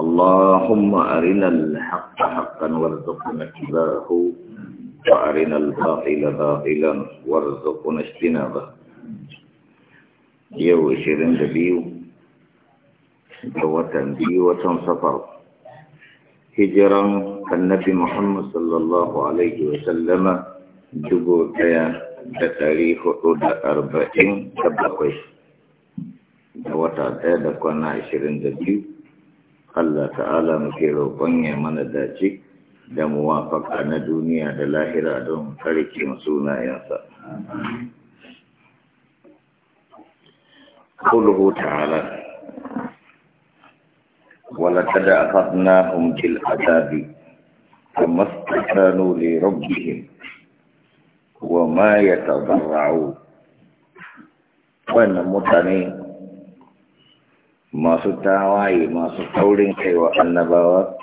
اللهم أرنا الحق حقا وارزقنا اتباعه وأرنا الباطل باطلا وارزقنا اجتنابه يو إشيرين دبيو دوتن بيو سفر هجرا النبي محمد صلى الله عليه وسلم دبو تيا دتاريخ أولى أربعين تبقى دوتا تيا كنا إشيرين دبيو Allah ta'ala muke roƙon ya mana dace da muwafaka na duniya da lahira don karki sunayensa. Kulhu ta'ala, kada da hum bil adabi, kama li rabbihim, wa ma ya Wannan mutane masu tawaye masu taurin kaiwa annabawa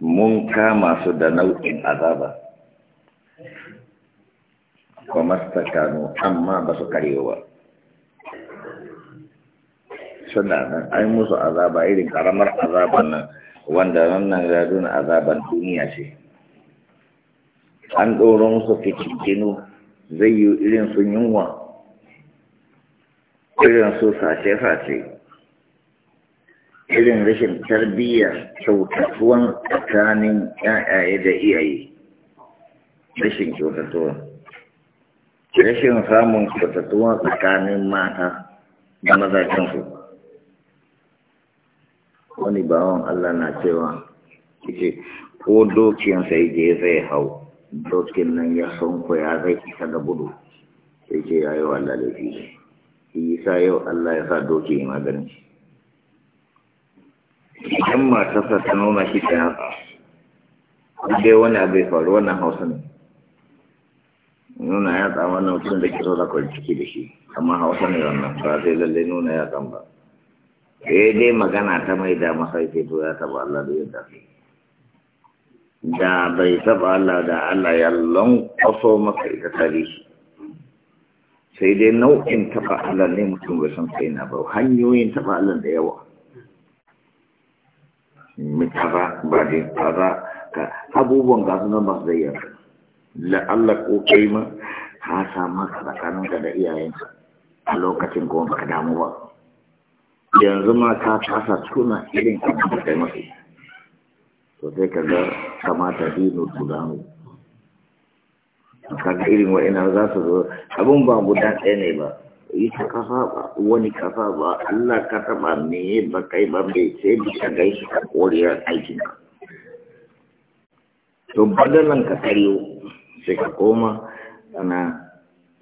mun kama su da nau'in azaba kuma mastakanu amma ba su karewa suna nan ai musu azaba irin karamar azaban nan wanda wannan gadon azaban duniya ce an su fi cikinu zai yi irin sun yunwa irin su sace-sace irin rashin tarbiyya kyautatuwan tsakanin ƴaƴaye da iyaye rashin kyautatuwa rashin samun kyautatuwa tsakanin mata da su wani bawan Allah na cewa ce ko dokin sai je zai hau dokin nan ya sonko ya zai isa da gudu sai ce ya yi wa lalafi shi yasa yau Allah ya sa doki yi maganin shi idan matarsa ta nuna shi ta yatsa dai wani abu ya faru wannan hausa ne nuna yatsa wannan mutum da ke so za ku ciki da shi amma hausa ne wannan ba zai lallai nuna yatsan ba sai eh, dai magana ta mai da masa ke to ya taɓa Allah da yadda da bai taba Allah da Allah ya lankwaso masa ita tarihi. sai dai nau'in taɓa Allah ne mutum bai san kai na ba hanyoyin taɓa Allah da yawa mitara ba da tara ka abubuwan gasu nan ba zai da la Allah ko kai ma ka samu ka tsakanin ka da iyayen a lokacin ko ka damu ba yanzu ma ka tasa tuna irin abin da kai masu to ka ga kamata dino tudanu kaga irin wa'ina za su zo abin ba guda ɗaya ne ba ita kafa ba wani kafa ba Allah ka taɓa me ba kai ba mai sai bi ka gai shi ka koriyar aikin ka to badalan ka kariyo sai ka koma ana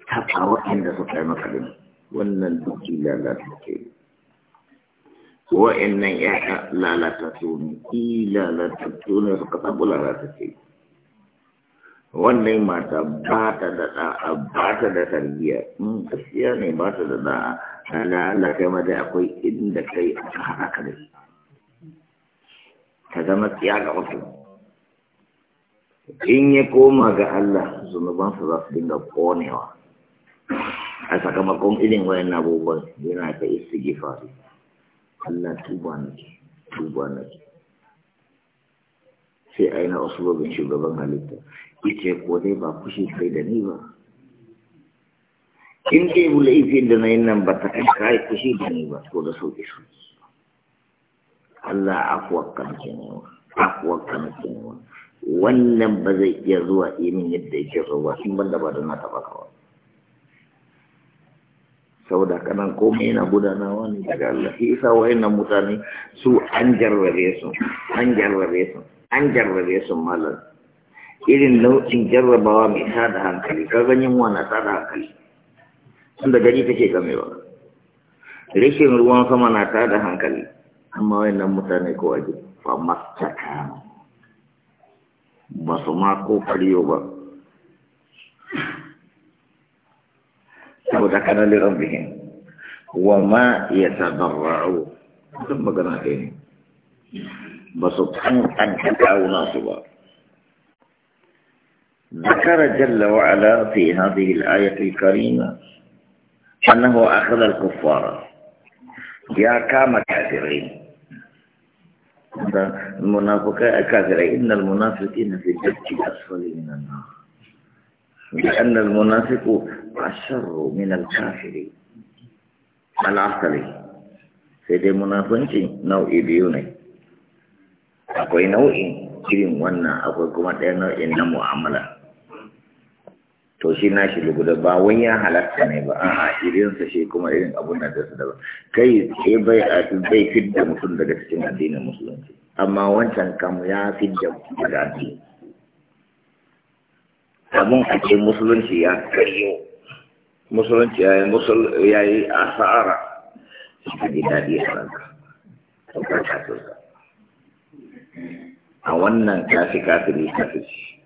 taɓa waɗanda su kai maka din wannan duki lalata ke wa'annan ya lalata su ne i lalata su ne suka taɓa lalata ke wannan mata ba ta da da'a ba ta da tarbiyya in hmm, gaskiya ne ba ta da da'a ana Allah kai ma dai akwai inda kai aka haɗa ka da ta zama tsiya ga wasu in ya koma ga Allah zunubansa za su dinga konewa a sakamakon irin wayan abubuwan yana ta istighfari Allah tuba nake tuba nake sai aina babin shugaban halitta yace ko dai ba kushi kai da ni ba in dai bu laifin da nayin nan ba ta kai kai kushi da ni ba ko da sauki su Allah afuwa kan kenewa afuwa kan kenewa wannan ba zai iya zuwa imin yadda yake zuwa sun banda ba da na taba kawai saboda kanan komai yana gudanawa ne daga Allah shi yasa wayannan mutane su an jarrabe su an jarrabe su an jarrabe su malam irin nau'in jarrabawa mai sada hankali ka ganin na sada hankali sun da gari take gamewa rashin ruwan sama na tada hankali amma wayannan mutane ko waje fa mastaka ba su ma ko kariyo ba saboda kana liran bihin wa ma ya tabarra'u sun magana ɗaya ne ba su kan kan kawo nasu ba ذكر جل وعلا في هذه الآية الكريمة أنه أخذ الكفار يا كام كافرين المنافقين كافرين إن المنافقين في الجبت الأسفل من النار لأن المنافق أشر من الكافر العقلي سيدي منافقين نوع بيوني أقوي نوعين كريم وانا أقوي كما تأنا nau'in معاملة to shi na shi da ba wai ya halatta ne ba a sa shi kuma irin abun da zai da ba kai sai bai a bai fidda mutum daga cikin addinin musulunci amma wancan kam ya fidda mutum daga addini abun a cikin musulunci ya karyo musulunci ya yi musul ya yi asara shi ji daɗi a ranka to ka ta a wannan kafi kafiri kafiri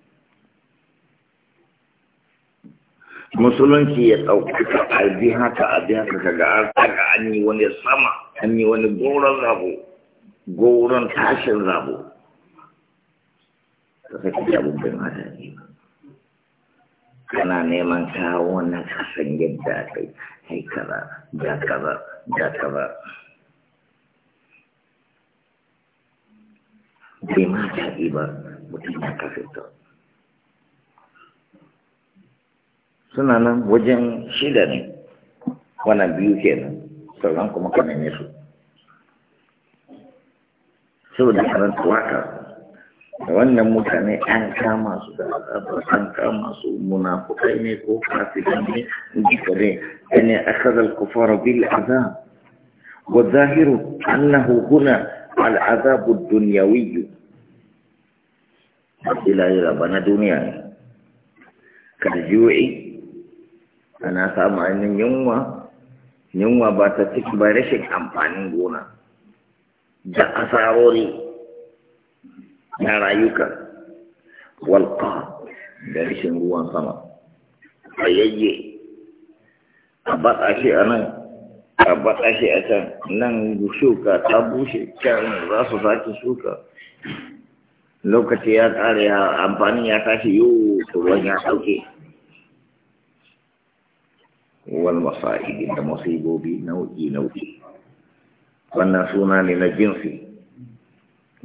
musulunci ya ɗaukaka ka bi haka a bi haka kaga an saka an yi wani sama an yi wani goron rabo goron tashin rabo ka saki abin bai mata ne kana neman kawo na kasan yadda kai haikara, kaza da kaza da kaza bai mata ba mutum ya kafin ta suna nan wajen shida ne wannan biyu kenan sauran kuma ka neme su saboda karanta waka da wannan mutane an kama su da azabar an kama su munafukai ne ko kafiran ne jikare ne akazal kufara bil azab wa zahiru annahu huna al azab ad dunyawi ila ila bana duniya ne kada karju'i ana samu ainihin yunwa yunwa ba ta ciki ba rashin amfanin gona da asarori na rayuka walƙa da rashin ruwan sama a yayye a batsa shi a nan a batsa shi a can nan shuka ta bushe can za su sake shuka lokaci ya ƙare amfanin ya tashi yiwu ruwan ya ɗauke wal masa'ib da musibobi nau'i nau'i wannan suna ne na jinsi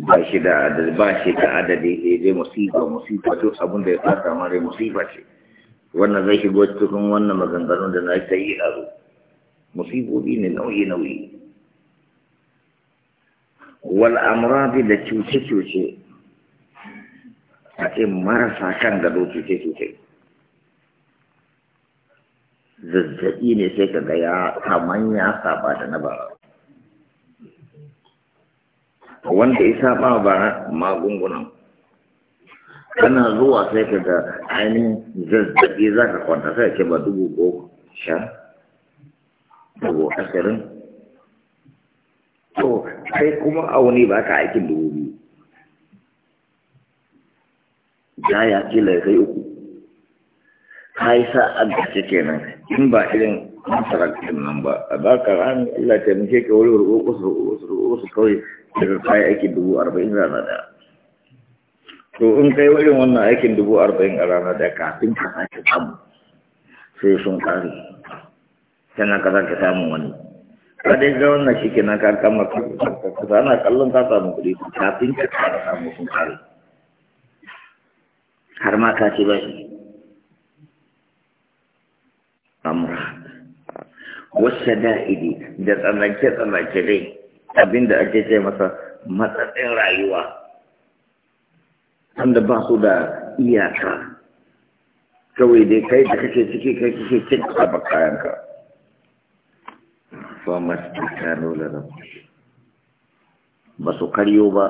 ba shi da adadi ba shi da adadi sai eh, dai musiba musiba to abin da ya fata ma dai musiba ce wannan zai shigo cikin wannan maganganun da na ta yi a zo musibobi ne nau'i nau'i wal amradi da cuce cuce a ce marasa kan gado cuce cuce zazzaɓi ne sai ka ga ya kaman ya saba da na bara wanda ya saba magunguna. magungunan kana zuwa sai ka ga ainihin zazzaɓi za ka kwanta sai ce ba dubu goma sha dubu ashirin to kai kuma auni ba ka aikin dubu biyu ya ya kila kai uku ka yi sa'ad da ce kenan in ba irin masarakin nan ba a baka ran Allah ta mace ka wani rubo wasu wasu kawai daga kayan aikin dubu arba'in rana daya to in kai irin wannan aikin dubu arba'in a rana daya kafin ka sake samu sai sun kare tana ka sake samun wani ka dai ga wannan shi kenan ka kama ka ana kallon ka samu kuɗi kafin ka samu sun kare har ma ka ce ba shi amra wasu da'idi da tsallake-tsallake dai abinda ake ce masa matsatsin rayuwa wanda ba su da iyaka kawai dai kai da kake ciki kai kake cin kaba kayanka famas tikano da rabu ba su karyo ba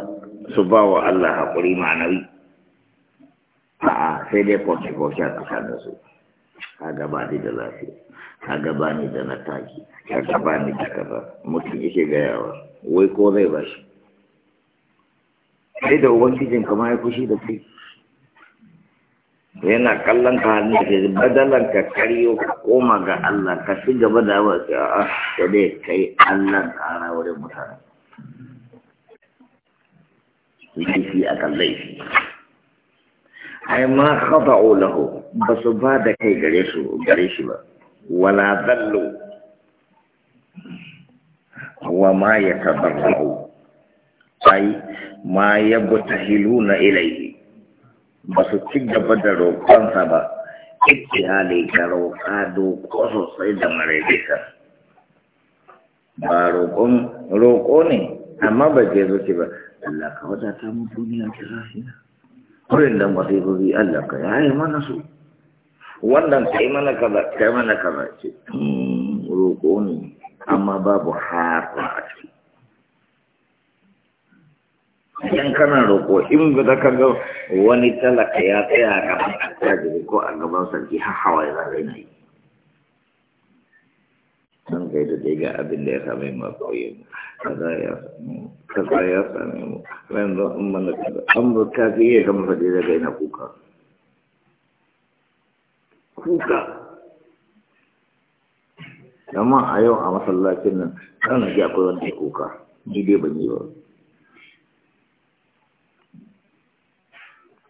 su ba wa Allah haƙuri ma'anawi a'a sai dai kwace-kwace a su. kaga gabani da lafiya gabani da da kaza mutum yake gayawa wai ko zai ba shi sai da ubangijin kama ya fushi da kai yana kallon ka hannu ke badalan ka karyo ka koma ga Allah ka fi gaba da ba ah, sai a da dai kai Allah tsara wurin mutane laifi akan laifi ai ma khata'u lahu basu ba da kai gare su gare shi ba wala dallu wa ma yatadarru ai ma yabtahiluna ilayhi basu ci gaba da roƙonsa ba ittihali ka roƙa doko sosai da maraidika ba roƙon roƙo ne amma ba je zuci ba Allah ka wadata mu duniya ta lafiya kurin da masifofi Allah ka yi mana su wannan yi mana kaza yi mana kaza ce hmm, roƙo ne amma babu haɗa a ciki yan kana roƙo in ba ka ga wani talaka ya tsaya a gaban ko a gaban sarki har hawaye zai na yi nan kai da dai ga abin da ya same mu a ƙauyen kaza ya samu kaza ya same mu ran zo in mana kaza an ba ka fi iya kama fadi daga ina kuka kuka amma a yau a masallacin nan kan ji akwai wanda kuka ni dai ban yi ba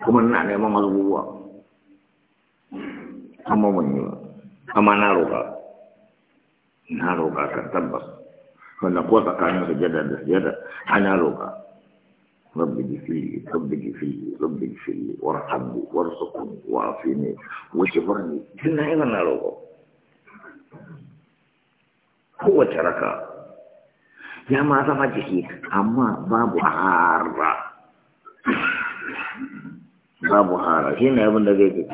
kuma ina neman abubuwa amma ban yi ba amma na roƙa na roƙa ka tabbas wannan kuwa tsakanin sujada da sujada ana roƙa rabbi gifili rabbi gifili rabbi gifili warhamni warzuqni wa'afini wuce barni duk na irin na roƙo kowace raka ya ma zama jiki amma babu hara babu hara shi ne abin da zai ke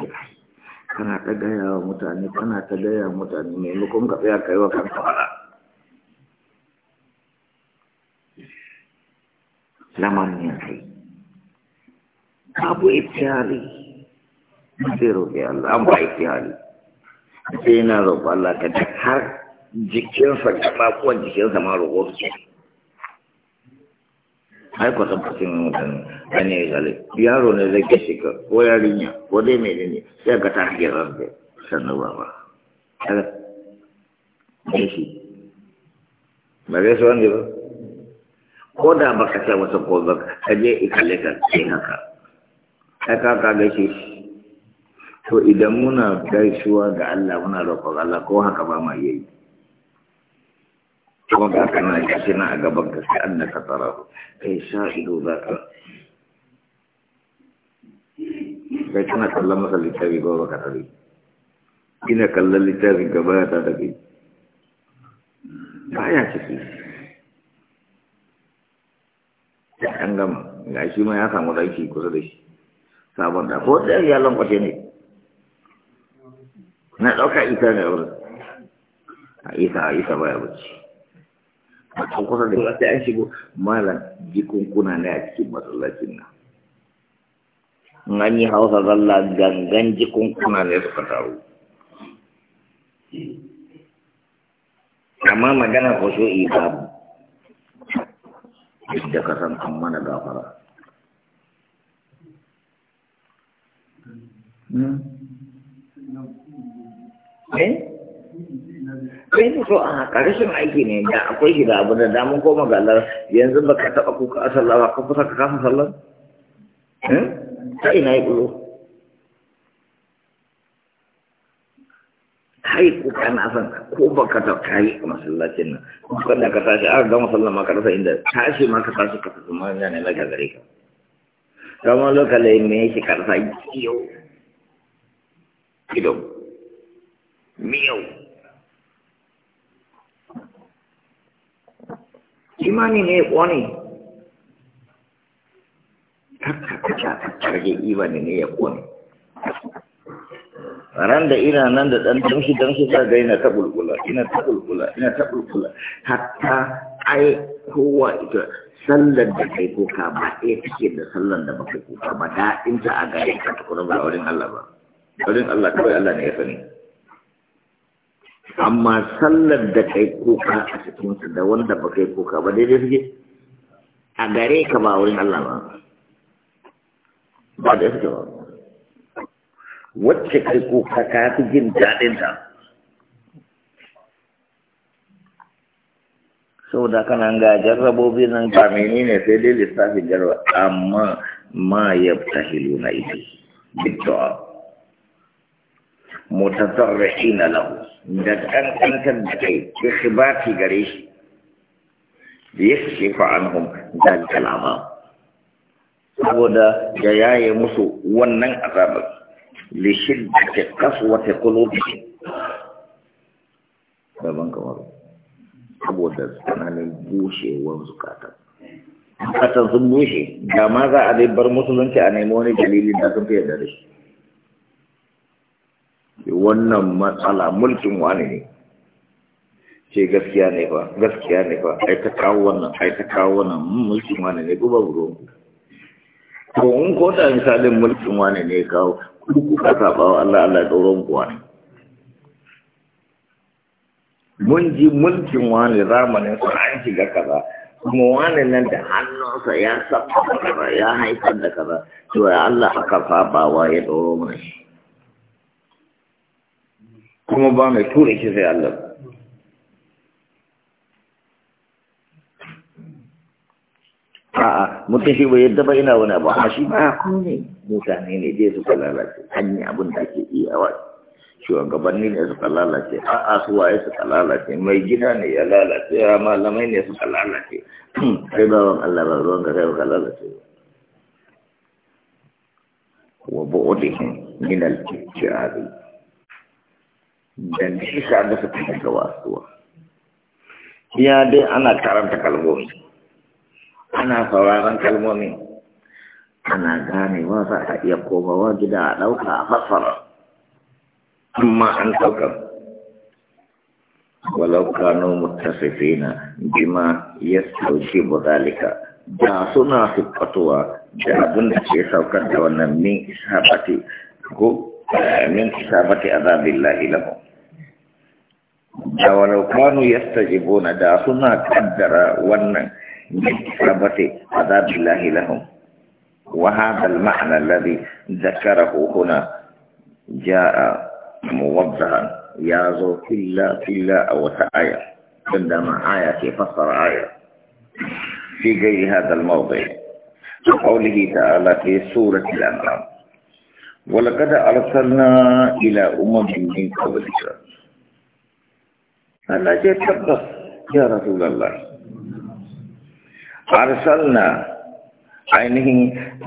kana ta gaya wa mutane kana ta gaya wa mutane maimakon ka ya kai wa kanka wala lamarin ya kai babu ibtihari sai roƙi Allah an ba ibtihari sai na roƙo Allah ka har jikinsa ba kuwa jikinsa ma roƙo su ai kwatan fasin mutum gane gale yaro ne zai ke shiga ko yarinya ko dai mai ne sai ga ta hanyar rarrabe sannu ba ba ala ne shi ba zai su wanda ba ko da ba ka ce wata ko ba ka je ikalle ka ce haka ai ka ka ga shi to idan muna gaisuwa ga Allah muna roƙon Allah ko haka ba ma yayi kuma ga ka nan gashi na a gaban ka sai an ka tsara kai sha ido za ka kai masa littafi ko baka tare ina kallon littafin ka baya ta tafi baya ciki da an gama ga shi ma ya samu ranki kusa da shi sabon da ko ɗaya ya ne na ɗauka isa ne wurin a isa a isa baya bacci an da wasu an shigo malam jikunkuna ne a cikin masallacin nan in an yi hausa zalla gangan jikunkuna ne suka taru amma magana ko iya babu da ka san an mana gafara hmm? Eh? kai ne so a karshen aiki ne da akwai shi da abu da damun koma ga Allah yanzu ba ka taɓa kuka a sallah ba ka kusa ka kasa sallah eh? ta ina yi ƙulo kai kuka na san ko ba ka taɓa kayi a masallacin nan kuka da ka tashi a ga masallan ma ka rasa inda tashi ma ka tashi ka tafi ma yana ne ka gare ka kamar lokacin ne shi karsa yau ido miyau imani ne ya ƙone karge imani ne ya ƙone ran da ina nan da ɗan damshi shi ta ga ina ta bulbula ina ta bulbula ina ta bulbula hatta ai kowa ita sallar da kai kuka ba ɗaya take da sallar da ba kai kuka ba daɗin ta a gare ka tukuna ba wurin Allah ba wurin Allah kawai Allah ne ya sani amma sallar da kai kuka a cikin da wanda ba kai kuka ba daidai suke a gare ka ba wurin Allah ba ba da suke ba wacce kai kuka ka fi jin daɗin daɗinta saboda kana ga jarrabobi nan ba ne sai dai lissafi jarwa amma ma na ita bid'a متضرعين له دكان أنت دكي إخباتي قريش ليكشف عنهم ذلك العذاب saboda da yaye musu wannan azabar li shiddati qaswati qulubihim baban kamar saboda tsananin bushewar zukata zukatan sun bushe da ma za a dai bar musulunci a nemo wani dalilin da sun fi da shi wannan matsala mulkin wani ne ce gaskiya ne ba gaskiya ne ba ai ta kawo wannan ai ta kawo wannan hmm, mulkin wani ne ko ba ruwan ku to in ko da misalin mulkin wani ne kawo ku ka saba wa Allah Allah ya ɗauron kuwa wani mun ji mulkin wani zamanin su an shiga kaza kuma wani nan da hannunsa ya saba kaza ya haifar da kaza to ya Allah aka saba wa ya ɗauro mana shi kuma ba mai tura shi sai Allah a'a mutum shi bai yadda ba ina wani abu amma shi ba kome mutane ne dai su lalace hanyar yi abin da ake iya wa shugabanni ne su lalace a'a su waye su lalace mai gida ne ya lalace ya malamai ne su lalace sai bawan Allah ba ruwan ga kai ka lalace wa bu'udihim min al-ijtihadi da nisa da su tafi ga wasuwa ya dai ana karanta kalmomi ana sauraron kalmomi ana ganewa za a iya komawa gida a ɗauka a fassara amma an ɗaukar walau kanu muttasifina bima yastawjibu zalika da suna siffatuwa da abin da ke saukar da wannan min ishabati ko من كتابة عذاب الله لهم ولو كانوا يستجيبون داخلنا قدر ون من كتابة عذاب الله لهم وهذا المعنى الذي ذكره هنا جاء موضحا يا زو كلا كلا أو تآية عندما آية فصر آية في غير هذا الموضع قوله تعالى في سورة الأنعام ولقد أرسلنا إلى أمم من قبلك أنا جيت تقف يا رسول الله أرسلنا عينه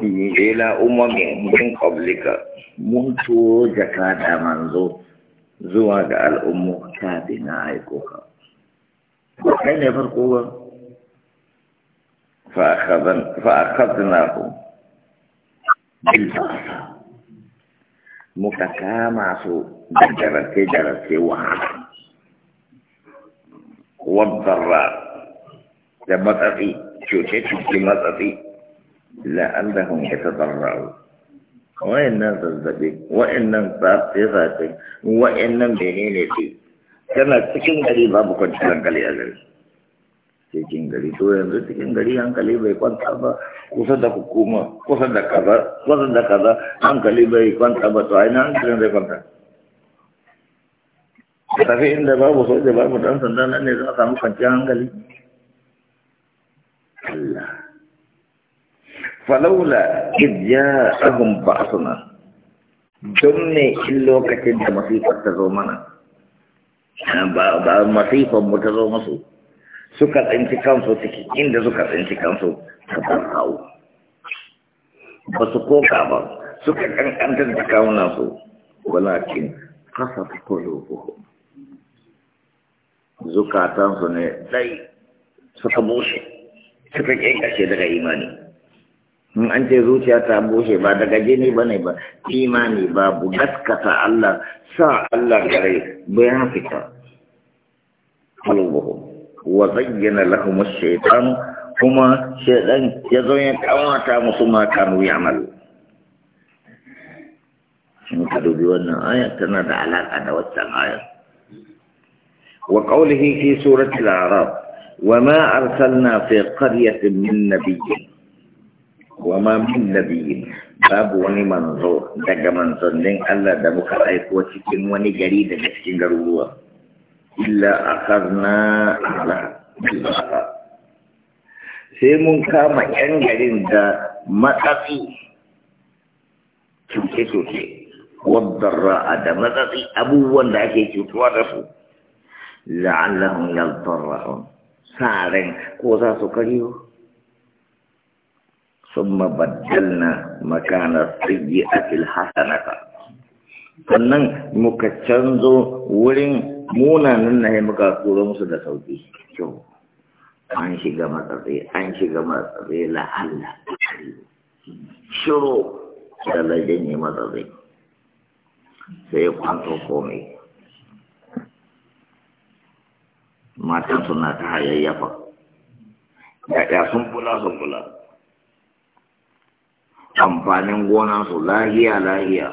يعني إلى أمم من قبلك منتو زكاة منذ زواج الأم كابنا عيكوكا أين يفرقوا فأخذناهم بالبعثة muka kama su da jarabce-jarabce wahala wadarra da matsatsi cuce-cuce matsatsi la'allahun ya tadarra'u wa'annan zazzabi wa'annan zafi-zafi wa'annan bene ne ce tana cikin gari babu kwanciyar hankali a gari cikin gari to yanzu cikin gari hankali bai kwanta ba kusa da hukuma kusa da kaza hankali bai kwanta ba to a ina hankalin zai kwanta tafi babu soja babu dan sanda nan ne za a samu kwanciyar hankali Allah falaula ne in lokacin da ta ba masifar mu ta zo masu suka tsinci kansu ciki inda suka tsinci kansu ta hau ba su koka ba suka kankantar da kawuna su walakin kasa ta kolo zukatansu ne dai suka bushe suka ƙyanƙashe daga imani in an ce zuciya ta bushe ba daga jini ba ne ba imani babu gaskata Allah sa Allah gare bayan fita kolo وزين لهم الشيطان هما شيطان يزون يتعواتا مسما كانوا يعملوا آية إن كدوبي آية تنادى علاقة دوتان آية وقوله في سورة الأعراف وما أرسلنا في قرية من نبي وما من نبي باب وني منظور دق منظور لين ألا دمك أيك وشكين وني جريد بشكين قروا illa akarna ala sai mun kama yan garin da matsatsi cuce-cuce wadda ra'a da matsatsi abubuwan da ake cutuwa da su la'allahun yaltar ra'un sa'arin ko za su kariyo ثم بدلنا مكان السيئة الحسنة sannan muka canzo wurin munanan na muka turo musu da sauki kyau an shiga matsatsi an shiga matsatsi la'alla shiru da lajin yi matsatsi sai ya kwanto komai matan suna ta hayayyafa ya'ya sun kula sun kula amfanin gona su lahiya lahiya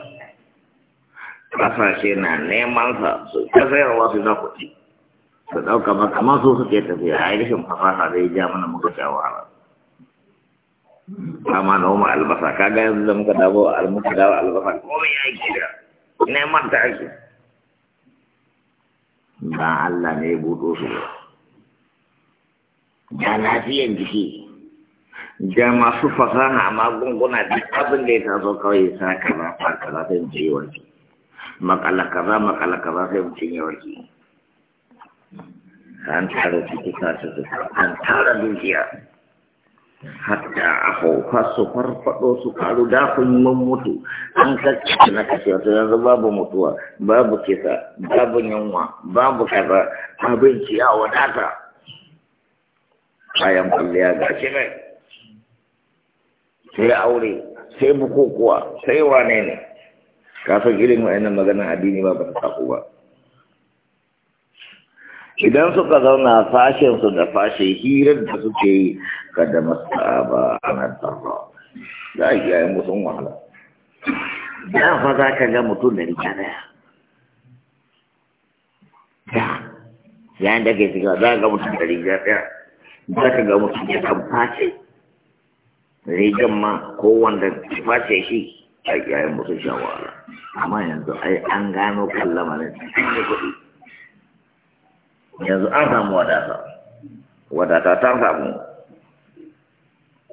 kasashe na neman sa su kasayarwa su na kuɗi su ɗauka ba kamar su suke tafiya a rashin fasaha zai ya ja mana muka sha wahala kama na oh, umar albasa ka kaga yanzu da muka dawo muka dawo albasa komai oh, ya yi gida neman ta ake ba Allah ne ya buɗo su ba da lafiyan jiki da masu fasaha magunguna duk abin da ya taso kawai sa kaza fa kaza sai mu yi wanki makala kaza makala kaza sai mutum ya warke an tara cikin su an tara dukiya hatta a aho su farfado su karu dafin mun mutu an kacce na kashe to yanzu babu mutuwa babu kisa babu yunwa babu kaza abinci ya wadata kayan kwalliya ga shi ne sai aure sai bukukuwa sai wane ne kafin irin wa'annan maganan addini ba ba ta sako ba idan suka zauna fashinsu da fashe hirar da suke yi kada masu ba ana tsarra za a yi musun wahala da fa za ka ga mutum da rika daya yayin da ke shiga za ga mutum da riga daya za ka ga mutum da kan fashe rigan ma ko wanda fashe shi a yayin mutum wahala. amma yanzu ai an gano kallama ne kuɗi yanzu an samu wadata wadata ta samu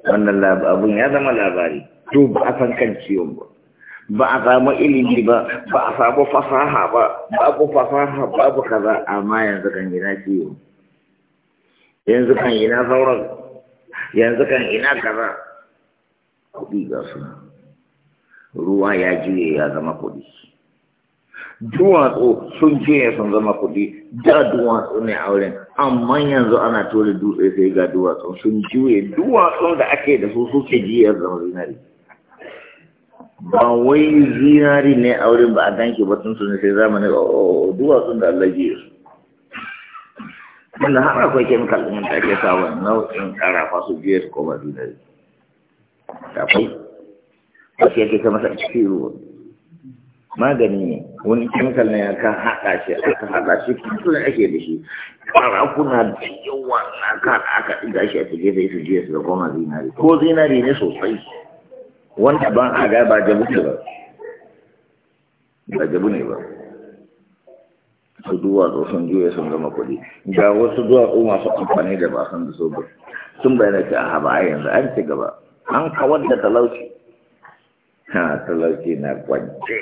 wannan abun ya zama labari to ba a san kan ciwon ba ba a samu ilimi ba ba a samu fasaha ba babu fasaha babu kaza amma yanzu kan gina ciwo yanzu kan gina sauran yanzu kan gina kaza kuɗi ga suna ruwa ya juye ya zama kuɗi duwatsu sun juye sun zama kuɗi da duwatsu ne a wurin amma yanzu ana tori dutse sai ga duwatsu sun juye duwatsun da ake da su suke jiya zama zinari ba wai zinari ne a wurin ba a danki ba tun sun sai zamani ba oh, duwatsun da Allah jiya su wanda har akwai kemikal ɗin da ake sa nau'in ƙarafa su jiya su koma zinari wasu yake ta masa ciwo magani ne wani kimkal ne aka haɗa shi aka haɗa shi kuma ake da shi na da yawa na ka aka ɗiga shi a cikin sai su je su da goma zinari ko zinari ne sosai wanda ban a ga ba jabu ne ba ba jabu ne ba su duwatsu sun juya sun gama kuɗi ga wasu duwatsu masu amfani da ba san da so ba sun bayyana ce a haɓa yanzu an ci gaba an kawar da talauci ha talauci na kwance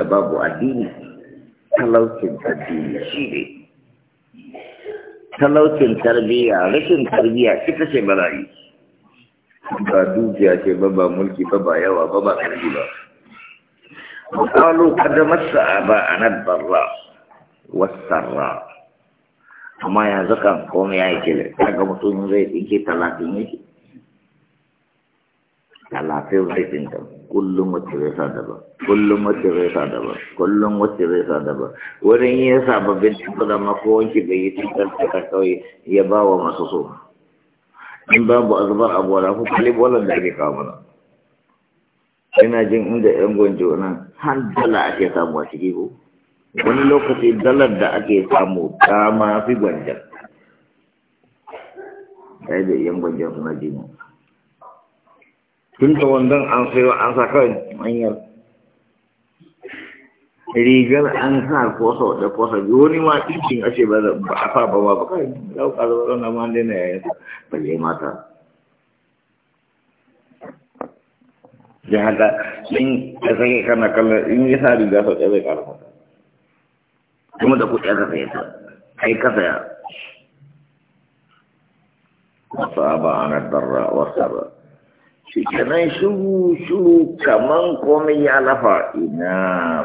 da babu addini talaucin addini shi ne talaucin tarbiyya rashin tarbiyya ita ce bala'i ba dukiya ce ba ba mulki ba ba yawa ba ba karfi ba قالوا قدمت آباءنا الضراء والسراء amma yanzu kan ya yi kila daga mutum zai tsinke talatin yake talatin laifin ta kullum wacce zai sa daba? kullum wacce zai sa daba? kullum wacce zai sa daba wurin ya sa babin tafi da wanki da yi tattar ta kawai ya ba wa masu so in babu azubar abu wala ko kalib wala da ake kawo mana ina jin inda yan gwanjo nan har dala ake samu a ciki ko wani lokaci dalar da ake samu ta ma fi gwanjan ɗaya da yan gwanjan suna jini tun da wandon an sayo an sa kawai manyar rigar an sa kosa da kosa biyu wani ma cikin ashe ba a fa ba ba kai yau da zo ran ma na yayin ba je mata ya hada in ka sai kana kallon in ya sa riga sau ɗaya bai ƙara mata kuma da kuɗi aka saye ta kai ka saya وصاب a الضراء والسراء shi shuru shuru kaman komai ya lafa ina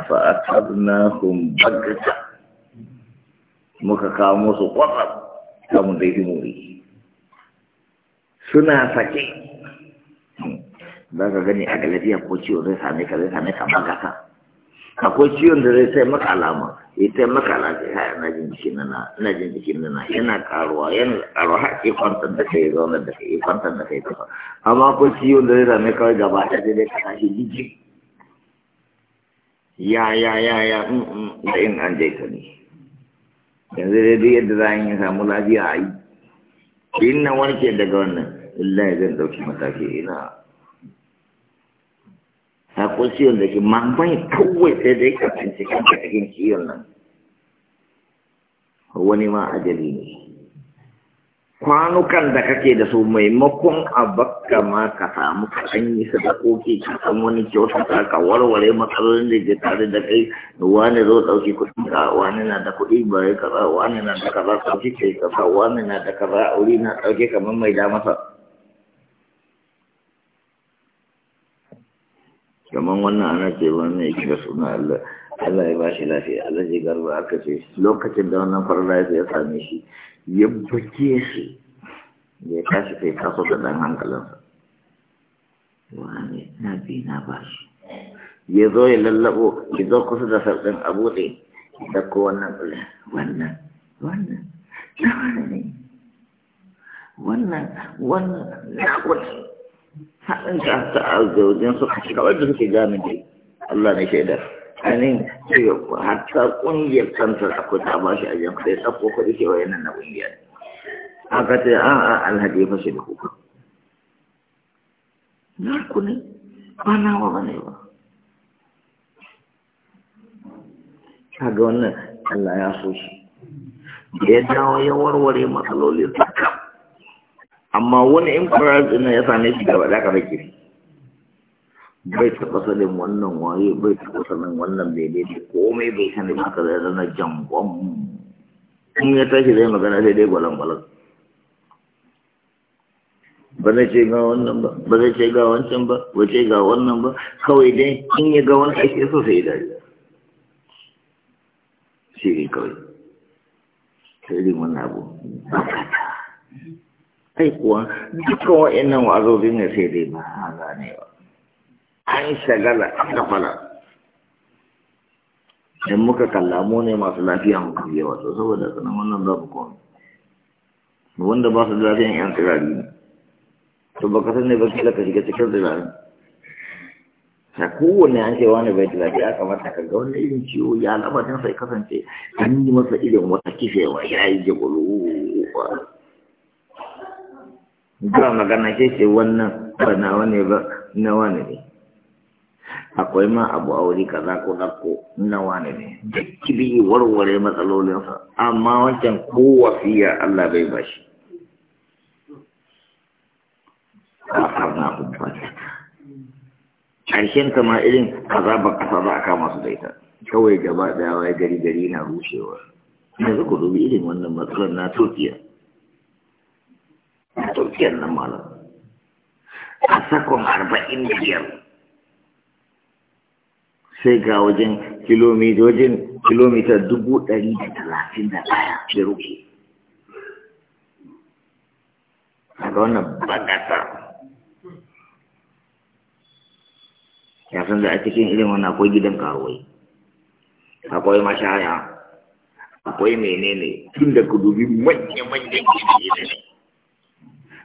fa'atarnahum bagata muka kawo musu kwatsam kamun da yi muri suna sake Ba hmm. ka gani a galafiya ko ciwo zai same ka zai same ka magata akwai ciwon da zai sai maka alama ya sai maka alama ya yana jin jikin nana yana jin jikin nana yana karuwa yana karuwa har ke kwantar da kai zaune da kai kwantar da kai kafa amma akwai ciwon da zai zame kawai gaba ɗaya zai dai ka jijji ya ya ya ya mm, mm, da in an je ka ne yanzu dai duk yadda za a yi samu lafiya a yi in na warke daga wannan ya zai ɗauki mataki ina sakon ciwon da ke mamaye kawai sai dai ka tsinci kanka cikin ciwon nan wani ma ajali ne kwanukan da kake da su maimakon a bakka ma ka samu ka an yi sadakoki ka san wani kyauta ka warware matsalolin da ke tare da kai wani zo ɗauki kuɗi ka wani na da kuɗi ba ya kaza wani na da kaza ɗauki kai kaza wani na da kaza wuri na ɗauke kamar mai da masa kamar wannan ana ce wannan yake da suna Allah Allah ya bashi lafiya Allah ya garba aka ce lokacin da wannan farla ya same shi ya buke shi ya tashi kai kaso da dan hankalinsa wani na bi na shi ya zo ya lallabo ya zo kusa da sarɗin a ne da ko wannan wannan wannan na wannan wannan na haɗin ka ta azaudin su kashi kawai da suke gane dai Allah ne shaidar ainihin hatta ƙungiyar kantar akwai ta ba shi a jan kuɗi tsakko kuɗi ke wayan nan na ƙungiyar aka ce an a alhaji fashe da kuka na ku ne ba nawa ba ne ba ga wannan Allah ya so shi da ya dawo ya warware matsaloli ta amma wani in kwarar ɗin ya same shi gaba da kare kiri bai taɓa sanin wannan waye bai taɓa sanin wannan daidai da komai bai sanin haka zai zana jangon in ya tashi zai magana sai dai gwalan-gwalan ba zai ce ga wannan ba ba zai ce ga wancan ba ba ce ga wannan ba kawai dai in ya ga wani ake so sai ya shi ne kawai sai irin wannan abu ba kai kuwa duka wa'annan wa'azozi ne sai dai ba a ba. an shagala an kafala. in muka kalla mu ne masu lafiya muka biya wato saboda sanan wannan babu komi wanda ba su zafi yan tsirari ne to ba ka sanne ba kila ka shiga cikin tsirari a kowane an ce wani bai tsirari ya kamata ka ga wani irin ciwo ya lamarin sai kasance an yi masa irin wata kifewa ya yi jagoro ba magana ce ce wannan ba na ne ba na wane ne akwai ma abu a wuri kaza ko zakko na wane ne da kibi warware matsalolinsa amma wancan ko wafiya Allah bai bashi ba a na kumfata ƙarshen ta ma irin ba ƙasa za a kama su daita kawai gaba daya wai gari gari na rushewa yanzu ku dubi irin wannan matsalar na turkiya turkiyar nan malam a sakon arba'in da biyar sai ga wajen kilomita dubu ɗari da talatin da ɗaya da rufe a ga wannan bakata ya san da a cikin irin wannan akwai gidan kawai akwai mashaya akwai menene tun da ku dubi manya-manyan gidaje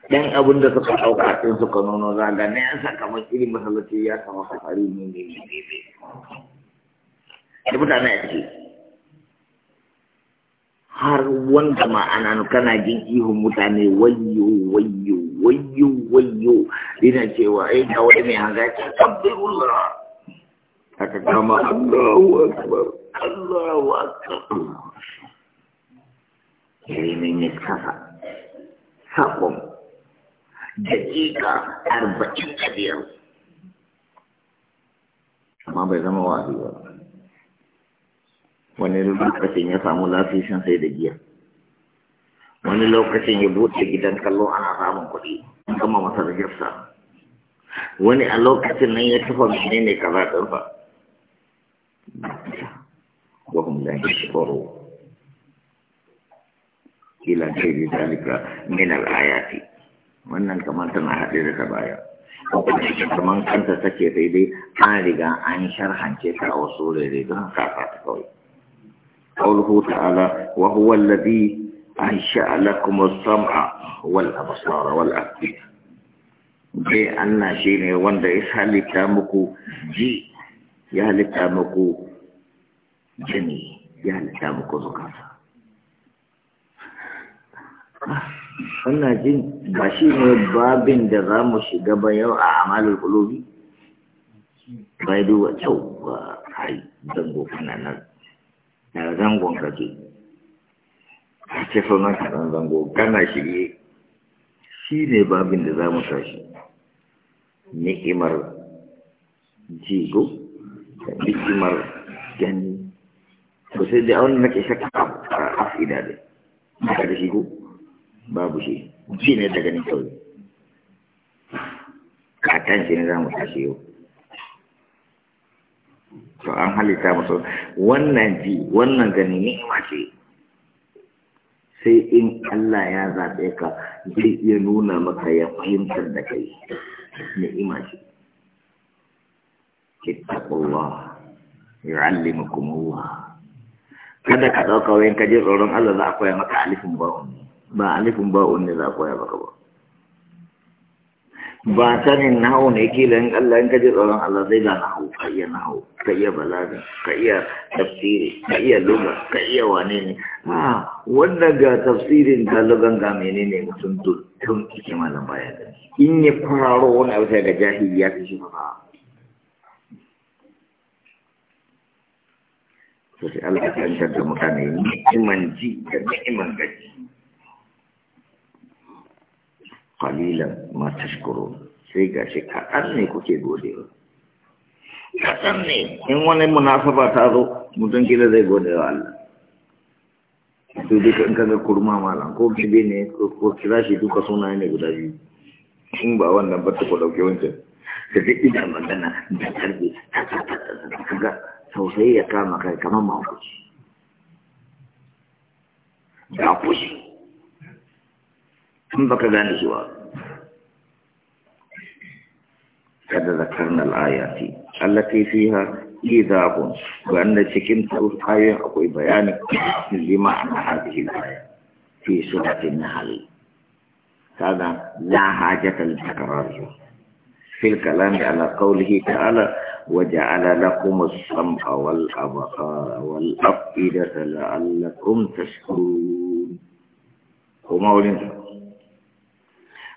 yan abin da suka ɗauka ɗin suka nono zaga na yan sakamakon irin masallaci ya kama kafari ne ne ne ne ne da mutane a ciki har wanda ma'ana kana jin ihun mutane wayyo wayyo wayyo wayyo ina cewa ai ga wani mai hanga ce kabbirullah aka kama Allahu akbar Allahu akbar yayin ne kasa sabon dakika arba'in da biyar amma bai zama wa'azi ba wani lokacin ya samu lafishin sai da giya wani lokacin ya buɗe gidan kallo ana samun kuɗi kama masa rajista wani a lokacin nan ya tafa mene ne kaza ɗinsa wa hum la yashkuru ila zai zalika min al'ayati wannan kamar tana haɗe da ta baya kamar kanta take sai dai an riga an sharhance ta a wasu rere don haka ta kawai قوله تعالى وهو الذي أنشأ لكم السمع والأبصار wanda ya halitta muku ji ya halitta muku jini ya halitta muku زكاة wannan jin ba shi ne babin da za mu shiga ba yau a amalul kulobi bai duba kyau ba kai zango kana nan na zangon kaji. a ce sunan kanan zango kana shirye shi ne babin da za mu tashi ni'imar jigo da ni'imar gani to sai da wani nake shakka a afida da shi ko babu shi shi ne daga ni kawai kakan shi ne za mu tashi yau to an halitta masu wannan ji wannan gani ni'ima ce sai in Allah ya zaɓe ka zai iya nuna maka ya fahimtar da kai ni'ima ce ittaqullah yu'allimukumullah kada ka dauka wayan ka tsoron Allah za a koya maka alifin ba'un ba alifin ba'un ne za koya baka ba ba sanin nahu ne kila in Allah in ka ji tsoron Allah zai ga nahu ka iya nahu ka iya balaga ka iya tafsiri ka iya luga ka iya wane ne a wanda ga tafsirin ka lugan ga menene mutum tun ike malam baya gani in ya kwararo wani abu sai ga jahili ya fi shi fara to sai Allah ya kantar da mutane ni'iman ji da ni'iman gaji qalilan ma tashkurun sai shi kaɗan ne kuke gode wa? kaɗan ne in wani munafaba ta zo mutum gida zai gode wa Allah su duka in kaga kurma malam ko bibi ne ko kira shi duka suna ne guda biyu in ba wannan ba ta ku ɗauke wancan da duk ina magana da karfi kaga tausayi ya kama kai kamar mahaukaci da fushi انفق ذلك الجواب قد ذكرنا الآيات التي فيها إذاب وأن تكن تقول آية أو بيان لمعنى هذه الآية في سورة النحل هذا لا حاجة لتكرارها في الكلام على قوله تعالى وجعل لكم السمع والأبصار والأفئدة لعلكم تشكرون هو ما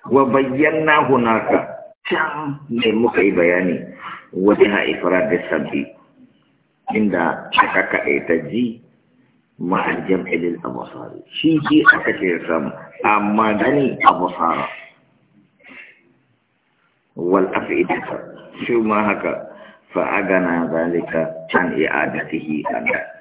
wa bayyana hunaka can ne muka yi bayani wajen haifar da sabbi inda aka ta ji ma'an a abusari shi ji aka ce samu amma gani abusara wal afidata shi ma haka fa'agana zalika an i'adatihi anda